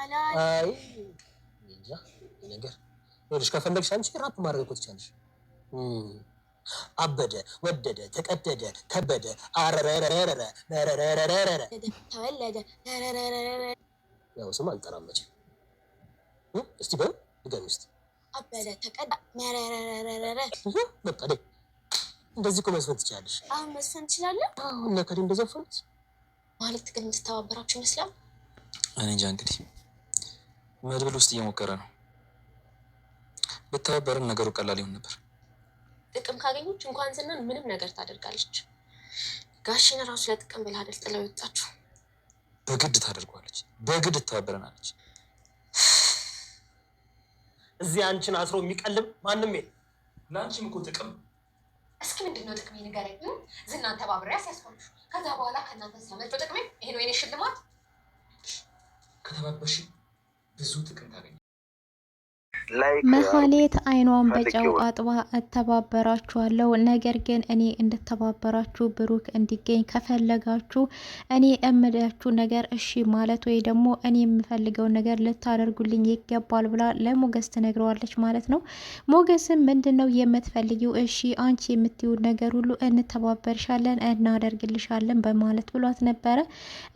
አይ እንጃ ነገር ይኸውልሽ፣ ከፈለግሽ አንቺ ራፕ ማድረግ እኮ ትቻለሽ። አበደ፣ ወደደ፣ ተቀደደ፣ ከበደ፣ አረረረረረ ረረረረረ ተወለደ። ያው ስም አልጠራም መቼም። እስቲ በል ድገሚ ውስጥ አበደ፣ ተቀዳ፣ መረረረረረ በቃ ደግ እንደዚህ እኮ መዝፈን ትችላለሽ። አሁን መዝፈን ትችላለህ። አሁን ነከዴ እንደዘፈኑት ማለት ግን የምትተባበራችሁ ይመስላል። እኔ እንጃ እንግዲህ መድብል ውስጥ እየሞከረ ነው። ብተባበርን ነገሩ ቀላል ይሆን ነበር። ጥቅም ካገኘች እንኳን ዝናን ምንም ነገር ታደርጋለች። ጋሽን ራሱ ለጥቅም ብላ አይደል ጥለው የወጣችሁ? በግድ ታደርጓለች፣ በግድ ትተባበረናለች። እዚህ አንቺን አስሮ የሚቀልም ማንም የለ። ለአንቺም እኮ ጥቅም እስኪ ምንድን ነው ጥቅሜ ንገረኝ። ዝናን ተባብሬ ሲያስፈልሹ ከዛ በኋላ ከእናንተ ሲያመልጡ ጥቅሜ ይሄ ነው የኔ ሽልማት ከተባበሽ de Zuta Cantarim. Uh, መሀሌት አይኗን በጨው አጥባ እተባበራችኋለሁ። ነገር ግን እኔ እንድተባበራችሁ ብሩክ እንዲገኝ ከፈለጋችሁ እኔ እምላችሁ ነገር እሺ ማለት ወይ ደግሞ እኔ የምፈልገው ነገር ልታደርጉልኝ ይገባል ብላ ለሞገስ ትነግረዋለች ማለት ነው። ሞገስም ምንድን ነው የምትፈልጊው? እሺ አንቺ የምትዩ ነገር ሁሉ እንተባበርሻለን፣ እናደርግልሻለን በማለት ብሏት ነበረ።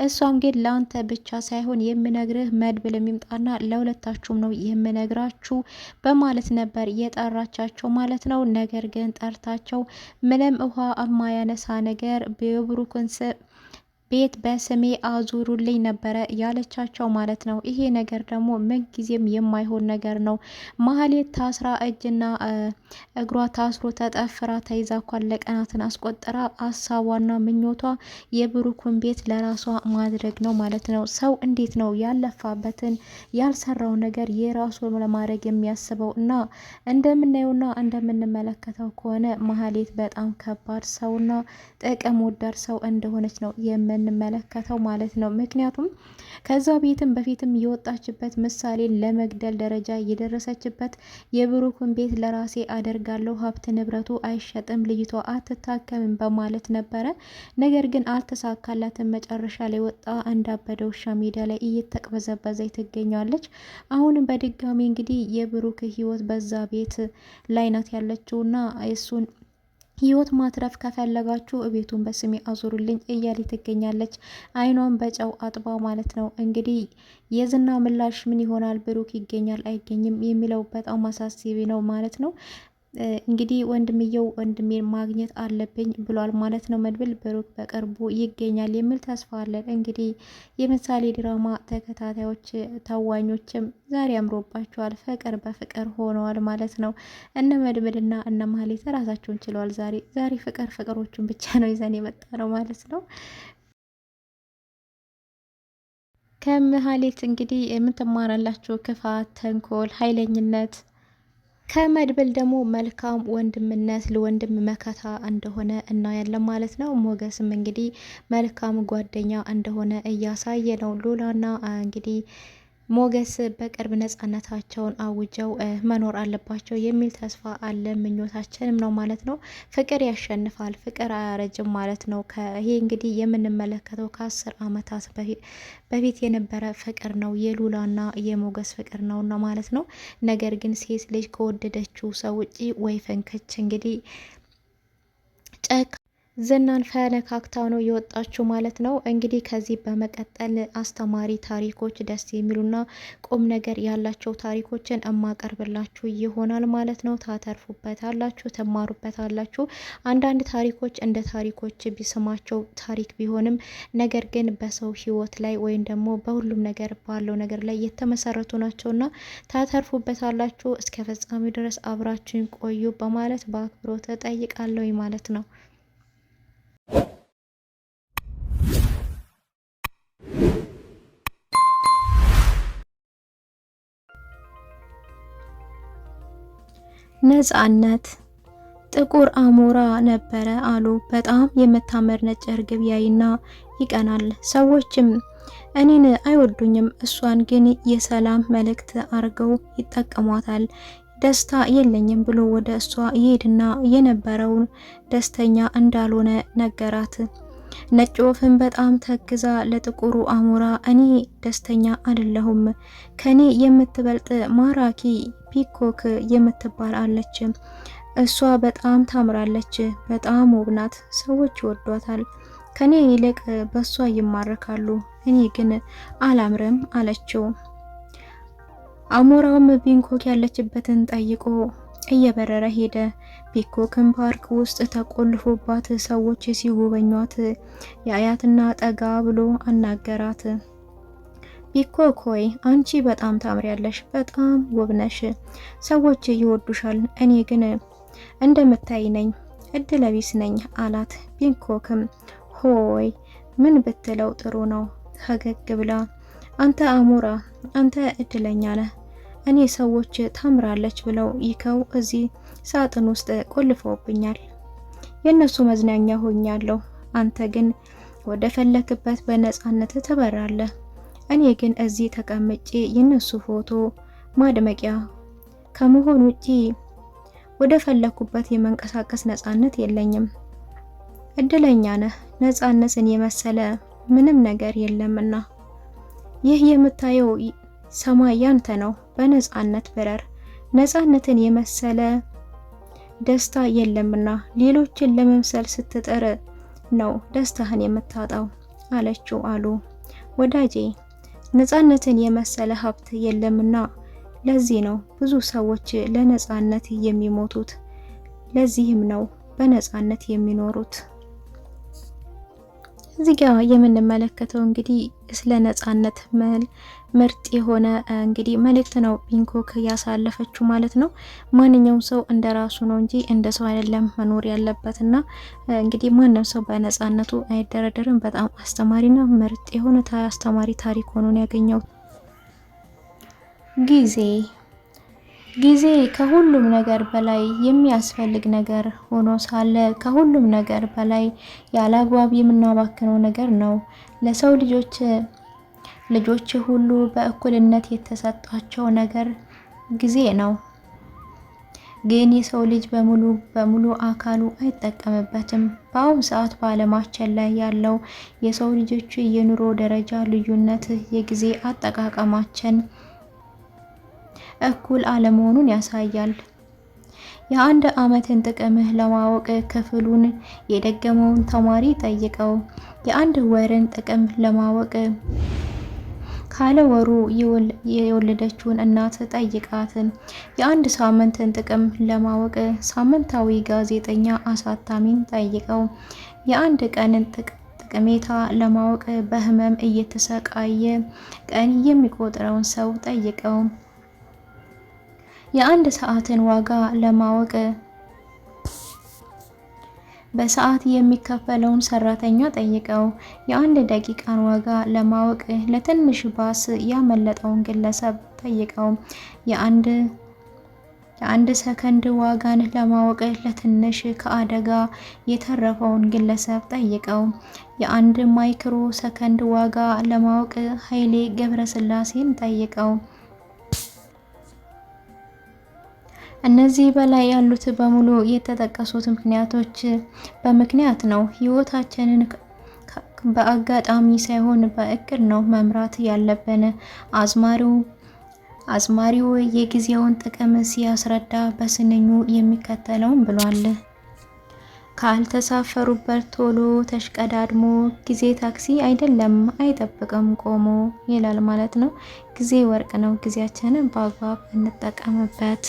እሷም ግን ለአንተ ብቻ ሳይሆን የምነግርህ መድብል የሚምጣና ለሁለታችሁም ነው የምነግራችሁ በማለት ነበር የጠራቻቸው ማለት ነው። ነገር ግን ጠርታቸው ምንም ውሃ የማያነሳ ነገር የብሩክን ቤት በስሜ አዙሩልኝ ነበረ ያለቻቸው ማለት ነው። ይሄ ነገር ደግሞ ምንጊዜም የማይሆን ነገር ነው። ማህሌት ታስራ እጅና እግሯ ታስሮ ተጠፍራ ተይዛ ኳን ለቀናትን አስቆጠራ አሳቧና ምኞቷ የብሩኩን ቤት ለራሷ ማድረግ ነው ማለት ነው። ሰው እንዴት ነው ያለፋበትን ያልሰራው ነገር የራሱ ለማድረግ የሚያስበው? እና እንደምናየውና እንደምንመለከተው ከሆነ ማህሌት በጣም ከባድ ሰውና ጥቅም ወዳድ ሰው እንደሆነች ነው የምን የምንመለከተው ማለት ነው። ምክንያቱም ከዛ ቤትም በፊትም የወጣችበት ምሳሌን ለመግደል ደረጃ የደረሰችበት የብሩክን ቤት ለራሴ አደርጋለሁ፣ ሀብት ንብረቱ አይሸጥም፣ ልጅቷ አትታከምም በማለት ነበረ። ነገር ግን አልተሳካላትም። መጨረሻ ላይ ወጣ እንዳበደ ውሻ ሜዳ ላይ እየተቅበዘበዘ ትገኛለች። አሁንም በድጋሚ እንግዲህ የብሩክ ህይወት በዛ ቤት ላይ ናት ያለችውና እሱን ህይወት ማትረፍ ከፈለጋችሁ ቤቱን በስሜ አዙሩልኝ እያሌ ትገኛለች። አይኗን በጨው አጥባ ማለት ነው። እንግዲህ የዝና ምላሽ ምን ይሆናል? ብሩክ ይገኛል አይገኝም የሚለው በጣም አሳሳቢ ነው ማለት ነው። እንግዲህ ወንድምየው ወንድሜን ማግኘት አለብኝ ብሏል ማለት ነው። መድብል ብሩክ በቅርቡ ይገኛል የሚል ተስፋ አለን። እንግዲህ የምሳሌ ድራማ ተከታታዮች ታዋኞችም ዛሬ አምሮባቸዋል፣ ፍቅር በፍቅር ሆነዋል ማለት ነው። እነ መድብልና እነ ማህሌት ራሳቸውን ችለዋል። ዛሬ ዛሬ ፍቅር ፍቅሮቹን ብቻ ነው ይዘን የመጣ ነው ማለት ነው። ከመሀሌት እንግዲህ የምትማራላችሁ ክፋት፣ ተንኮል፣ ኃይለኝነት ከመድብል ደግሞ መልካም ወንድምነት ለወንድም መከታ እንደሆነ እናያለን ማለት ነው። ሞገስም እንግዲህ መልካም ጓደኛ እንደሆነ እያሳየ ነው። ሉላና እንግዲህ ሞገስ በቅርብ ነጻነታቸውን አውጀው መኖር አለባቸው የሚል ተስፋ አለ፣ ምኞታችንም ነው ማለት ነው። ፍቅር ያሸንፋል፣ ፍቅር አያረጅም ማለት ነው። ይሄ እንግዲህ የምንመለከተው ከአስር አመታት በፊት የነበረ ፍቅር ነው፣ የሉላና የሞገስ ፍቅር ነው ማለት ነው። ነገር ግን ሴት ልጅ ከወደደችው ሰው ውጪ ወይ ፈንከች እንግዲህ ጨካ ዝናን ፈነካክታ ነው የወጣችው ማለት ነው። እንግዲህ ከዚህ በመቀጠል አስተማሪ ታሪኮች፣ ደስ የሚሉና ቁም ነገር ያላቸው ታሪኮችን እማቀርብላችሁ ይሆናል ማለት ነው። ታተርፉበት አላችሁ፣ አላችሁ። አንዳንድ ታሪኮች እንደ ታሪኮች ቢስማቸው ታሪክ ቢሆንም ነገር ግን በሰው ሕይወት ላይ ወይም ደግሞ በሁሉም ነገር ባለው ነገር ላይ የተመሰረቱ ናቸውና ታተርፉበት አላችሁ። እስከ ፍጻሜው ድረስ አብራችሁን ቆዩ በማለት በአክብሮት እጠይቃለሁ ማለት ነው። ነፃነት ጥቁር አሞራ ነበረ አሉ። በጣም የምታምር ነጭ እርግብ ያይና ይቀናል። ሰዎችም እኔን አይወዱኝም፣ እሷን ግን የሰላም መልእክት አርገው ይጠቀሟታል። ደስታ የለኝም ብሎ ወደ እሷ ይሄድና የነበረውን ደስተኛ እንዳልሆነ ነገራት። ነጭ ወፍን በጣም ተግዛ ለጥቁሩ አሞራ እኔ ደስተኛ አይደለሁም፣ ከኔ የምትበልጥ ማራኪ ፒኮክ የምትባል አለች። እሷ በጣም ታምራለች፣ በጣም ውብ ናት፣ ሰዎች ይወዷታል፣ ከኔ ይልቅ በሷ ይማረካሉ፣ እኔ ግን አላምርም አለችው። አሞራውም ቢንኮክ ያለችበትን ጠይቆ እየበረረ ሄደ። ፒንኮክን ፓርክ ውስጥ ተቆልፎባት ሰዎች ሲጎበኟት የአያትና ጠጋ ብሎ አናገራት። ቢኮክ ሆይ አንቺ በጣም ታምሪያለሽ፣ በጣም ውብ ነሽ፣ ሰዎች ይወዱሻል። እኔ ግን እንደምታይ ነኝ፣ እድለቢስ ነኝ አላት። ቢንኮክም ሆይ ምን ብትለው ጥሩ ነው ፈገግ ብላ አንተ አሞራ አንተ እድለኛ ነህ። እኔ ሰዎች ታምራለች ብለው ይከው እዚህ ሳጥን ውስጥ ቆልፈውብኛል። የእነሱ መዝናኛ ሆኛለሁ። አንተ ግን ወደ ፈለክበት በነጻነት ትበራለህ። እኔ ግን እዚህ ተቀምጬ የእነሱ ፎቶ ማድመቂያ ከመሆን ውጪ ወደ ፈለኩበት የመንቀሳቀስ ነጻነት የለኝም። እድለኛ ነህ። ነጻነትን የመሰለ ምንም ነገር የለምና ይህ የምታየው ሰማይ ያንተ ነው፣ በነፃነት ብረር። ነፃነትን የመሰለ ደስታ የለምና ሌሎችን ለመምሰል ስትጥር ነው ደስታህን የምታጣው አለችው። አሉ ወዳጄ፣ ነፃነትን የመሰለ ሀብት የለምና ለዚህ ነው ብዙ ሰዎች ለነፃነት የሚሞቱት፣ ለዚህም ነው በነፃነት የሚኖሩት። እዚህ ጋር የምንመለከተው እንግዲህ ስለ ነጻነት መል ምርጥ የሆነ እንግዲህ መልእክት ነው ፒንኮክ ያሳለፈችው ማለት ነው። ማንኛውም ሰው እንደ ራሱ ነው እንጂ እንደ ሰው አይደለም መኖር ያለበት እና እንግዲህ ማንም ሰው በነጻነቱ አይደረደርም። በጣም አስተማሪና ምርጥ የሆነ አስተማሪ ታሪክ ሆኖን ያገኘው ጊዜ ጊዜ ከሁሉም ነገር በላይ የሚያስፈልግ ነገር ሆኖ ሳለ ከሁሉም ነገር በላይ ያለአግባብ የምናባክነው ነገር ነው። ለሰው ልጆች ልጆች ሁሉ በእኩልነት የተሰጣቸው ነገር ጊዜ ነው። ግን የሰው ልጅ በሙሉ በሙሉ አካሉ አይጠቀምበትም። በአሁኑ ሰዓት በዓለማችን ላይ ያለው የሰው ልጆች የኑሮ ደረጃ ልዩነት የጊዜ አጠቃቀማችን እኩል አለመሆኑን ያሳያል። የአንድ ዓመትን ጥቅም ለማወቅ ክፍሉን የደገመውን ተማሪ ጠይቀው። የአንድ ወርን ጥቅም ለማወቅ ካለ ወሩ የወለደችውን እናት ጠይቃትን። የአንድ ሳምንትን ጥቅም ለማወቅ ሳምንታዊ ጋዜጠኛ አሳታሚን ጠይቀው። የአንድ ቀንን ጥቅሜታ ለማወቅ በህመም እየተሰቃየ ቀን የሚቆጥረውን ሰው ጠይቀው። የአንድ ሰዓትን ዋጋ ለማወቅ በሰዓት የሚከፈለውን ሰራተኛ ጠይቀው የአንድ ደቂቃን ዋጋ ለማወቅ ለትንሽ ባስ ያመለጠውን ግለሰብ ጠይቀው የአንድ የአንድ ሰከንድ ዋጋን ለማወቅ ለትንሽ ከአደጋ የተረፈውን ግለሰብ ጠይቀው የአንድ ማይክሮ ሰከንድ ዋጋ ለማወቅ ኃይሌ ገብረስላሴን ጠይቀው እነዚህ በላይ ያሉት በሙሉ የተጠቀሱት ምክንያቶች በምክንያት ነው። ህይወታችንን በአጋጣሚ ሳይሆን በእቅድ ነው መምራት ያለብን። አዝማሪው አዝማሪው የጊዜውን ጥቅም ሲያስረዳ በስንኙ የሚከተለውን ብሏል። ካልተሳፈሩበት ቶሎ ተሽቀዳድሞ ጊዜ ታክሲ አይደለም አይጠብቅም ቆሞ ይላል ማለት ነው። ጊዜ ወርቅ ነው። ጊዜያችንን በአግባብ እንጠቀምበት።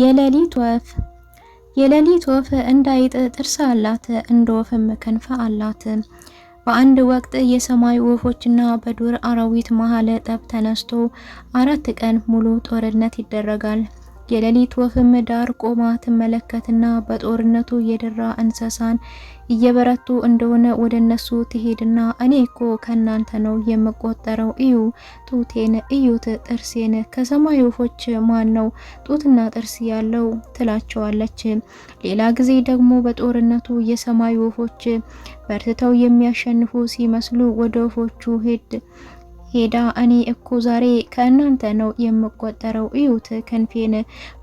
የሌሊት ወፍ የሌሊት ወፍ እንደ ጥርስ አላት፣ እንደ ወፍም ክንፍ አላት። በአንድ ወቅት የሰማይ ወፎችና በዱር አራዊት መሀል ጠብ ተነስቶ አራት ቀን ሙሉ ጦርነት ይደረጋል። የሌሊት ወፍም ዳር ቆማ ትመለከትና በጦርነቱ የደራ እንስሳን እየበረቱ እንደሆነ ወደ እነሱ ትሄድና እኔ እኮ ከእናንተ ነው የምቆጠረው፣ እዩ ጡቴን እዩት ጥርሴን፣ ከሰማይ ወፎች ማን ነው ጡትና ጥርስ ያለው ትላቸዋለች። ሌላ ጊዜ ደግሞ በጦርነቱ የሰማይ ወፎች በርትተው የሚያሸንፉ ሲመስሉ ወደ ወፎቹ ሄድ ሄዳ እኔ እኮ ዛሬ ከእናንተ ነው የምቆጠረው፣ እዩት ክንፌን።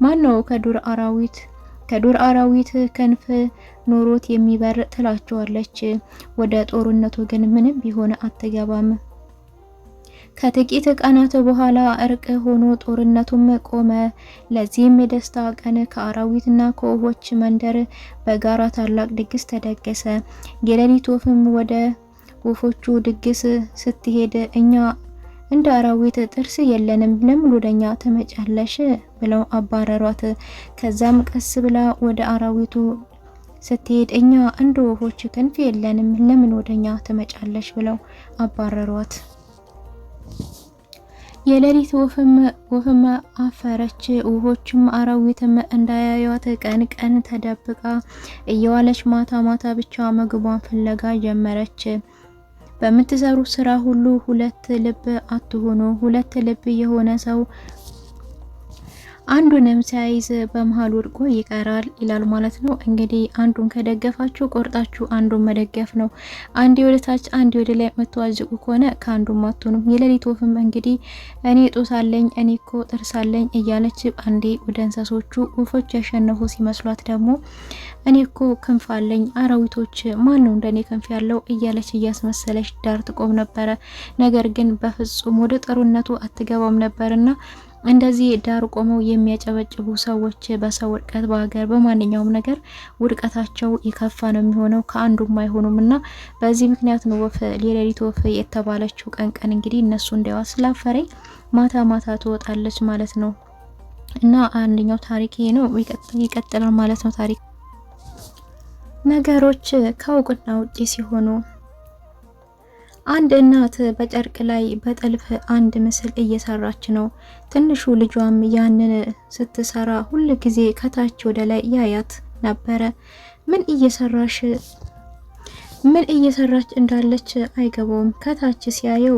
ማነው ከዱር አራዊት ከዱር አራዊት ክንፍ ኖሮት የሚበር ትላቸዋለች። ወደ ጦርነቱ ግን ምንም ቢሆን አትገባም። ከጥቂት ቀናት በኋላ እርቅ ሆኖ ጦርነቱም ቆመ። ለዚህም የደስታ ቀን ከአራዊትና ከወፎች መንደር በጋራ ታላቅ ድግስ ተደገሰ። የሌሊት ወፍም ወደ ወፎቹ ድግስ ስትሄድ እኛ እንደ አራዊት ጥርስ የለንም፣ ለምን ወደኛ ተመጫለሽ ብለው አባረሯት። ከዛም ቀስ ብላ ወደ አራዊቱ ስትሄድ እኛ እንደ ወፎች ክንፍ የለንም፣ ለምን ወደኛ ተመጫለሽ ብለው አባረሯት። የሌሊት ወፍም አፈረች። ወፎችም አራዊትም እንዳያዩት ቀን ቀን ተደብቃ እየዋለች ማታ ማታ ብቻ ምግቧን ፍለጋ ጀመረች። በምትሰሩ ስራ ሁሉ ሁለት ልብ አትሆኑ። ሁለት ልብ የሆነ ሰው አንዱንም ሳይዝ በመሀል ወድቆ ይቀራል ይላል ማለት ነው። እንግዲህ አንዱን ከደገፋችሁ ቆርጣችሁ አንዱን መደገፍ ነው። አንዴ ወደ ታች፣ አንዴ ወደ ላይ መተዋዝቁ ከሆነ ከአንዱም አትሆኑም። የሌሊት ወፍም እንግዲህ እኔ ጦሳለኝ እኔ እኮ ጥርስ አለኝ እያለች አንዴ ወደ እንስሶቹ ወፎች ያሸነፉ ሲመስሏት ደግሞ እኔ እኮ ክንፍ አለኝ አራዊቶች ማን ነው እንደኔ ክንፍ ያለው እያለች እያስመሰለች ዳር ትቆም ነበረ። ነገር ግን በፍጹም ወደ ጥሩነቱ አትገባም ነበርና እንደዚህ ዳር ቆመው የሚያጨበጭቡ ሰዎች በሰው ውድቀት፣ በሀገር በማንኛውም ነገር ውድቀታቸው የከፋ ነው የሚሆነው፣ ከአንዱም አይሆኑም እና በዚህ ምክንያት ነው ወፍ የሌሊት ወፍ የተባለችው። ቀን ቀን እንግዲህ እነሱ እንዲያዋ ስላፈረኝ ማታ ማታ ትወጣለች ማለት ነው። እና አንደኛው ታሪክ ይሄ ነው። ይቀጥላል ማለት ነው ታሪክ ነገሮች ከእውቅና ውጪ ሲሆኑ አንድ እናት በጨርቅ ላይ በጥልፍ አንድ ምስል እየሰራች ነው። ትንሹ ልጇም ያንን ስትሰራ ሁል ጊዜ ከታች ወደ ላይ ያያት ነበረ። ምን እየሰራሽ ምን እየሰራች እንዳለች አይገባውም። ከታች ሲያየው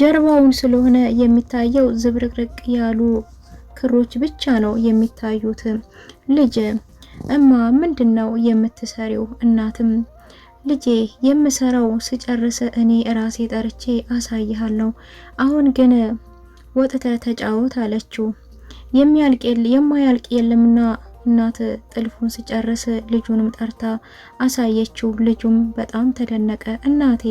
ጀርባውን ስለሆነ የሚታየው ዝብርቅርቅ ያሉ ክሮች ብቻ ነው የሚታዩት። ልጅ እማ ምንድን ነው የምትሰሪው? እናትም ልጄ የምሰራው ስጨርስ እኔ ራሴ ጠርቼ አሳይሃለሁ። አሁን ግን ወጥተ ተጫወት አለችው። የሚያልቅ የማያልቅ የለምና እናት ጥልፉን ስጨርስ ልጁንም ጠርታ አሳየችው። ልጁም በጣም ተደነቀ። እናቴ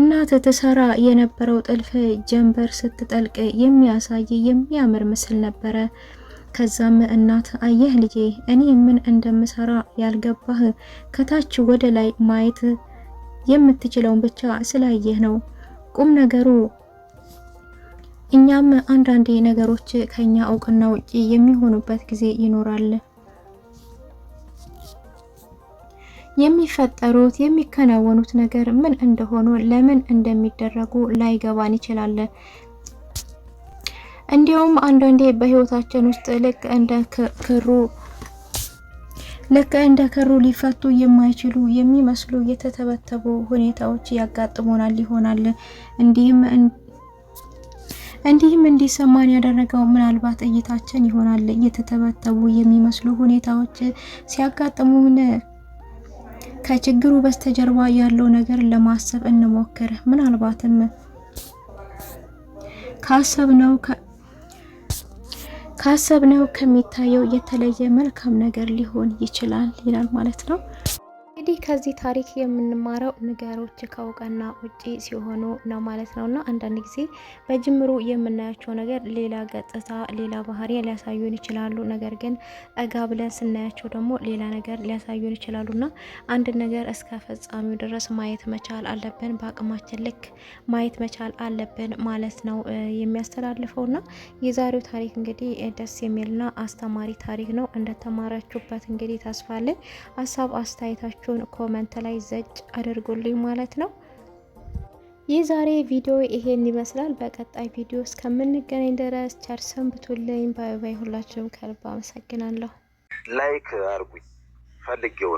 እናት ትሰራ የነበረው ጥልፍ ጀንበር ስትጠልቅ የሚያሳይ የሚያምር ምስል ነበረ። ከዛም እናት አየህ ልጄ እኔ ምን እንደምሰራ ያልገባህ ከታች ወደ ላይ ማየት የምትችለውን ብቻ ስላየህ ነው። ቁም ነገሩ እኛም አንዳንዴ ነገሮች ከኛ እውቅና ውጪ የሚሆኑበት ጊዜ ይኖራል። የሚፈጠሩት የሚከናወኑት ነገር ምን እንደሆኑ ለምን እንደሚደረጉ ላይገባን ይችላል። እንዲሁም አንዳንዴ በህይወታችን ውስጥ ልክ እንደ ክሩ ልክ እንደ ክሩ ሊፈቱ የማይችሉ የሚመስሉ የተተበተቡ ሁኔታዎች ያጋጥሙናል ይሆናል። እንዲህም እንዲህም እንዲሰማን ያደረገው ምናልባት እይታችን ይሆናል። የተተበተቡ የሚመስሉ ሁኔታዎች ሲያጋጥሙን ከችግሩ በስተጀርባ ያለው ነገር ለማሰብ እንሞክር። ምናልባትም ካሰብነው ካሰብነው ከሚታየው የተለየ መልካም ነገር ሊሆን ይችላል ይላል ማለት ነው። እንግዲህ ከዚህ ታሪክ የምንማረው ነገሮች ከእውቅና ውጪ ሲሆኑ ነው ማለት ነው። እና አንዳንድ ጊዜ በጅምሩ የምናያቸው ነገር ሌላ ገጽታ፣ ሌላ ባህሪ ሊያሳዩን ይችላሉ። ነገር ግን ጠጋ ብለን ስናያቸው ደግሞ ሌላ ነገር ሊያሳዩን ይችላሉ። እና አንድ ነገር እስከ ፈጻሚው ድረስ ማየት መቻል አለብን። በአቅማችን ልክ ማየት መቻል አለብን ማለት ነው የሚያስተላልፈው እና የዛሬው ታሪክ እንግዲህ ደስ የሚልና አስተማሪ ታሪክ ነው። እንደተማራችሁበት እንግዲህ ተስፋለን። ሀሳብ አስተያየታችሁን ኮመንት ላይ ዘጭ አድርጉልኝ ማለት ነው። የዛሬ ቪዲዮ ይሄን ይመስላል። በቀጣይ ቪዲዮ እስከምንገናኝ ድረስ ቸር ሰንብቱልኝ። ባይ ባይ። ሁላችሁም ከልብ አመሰግናለሁ። ላይክ አርጉኝ ፈልጌው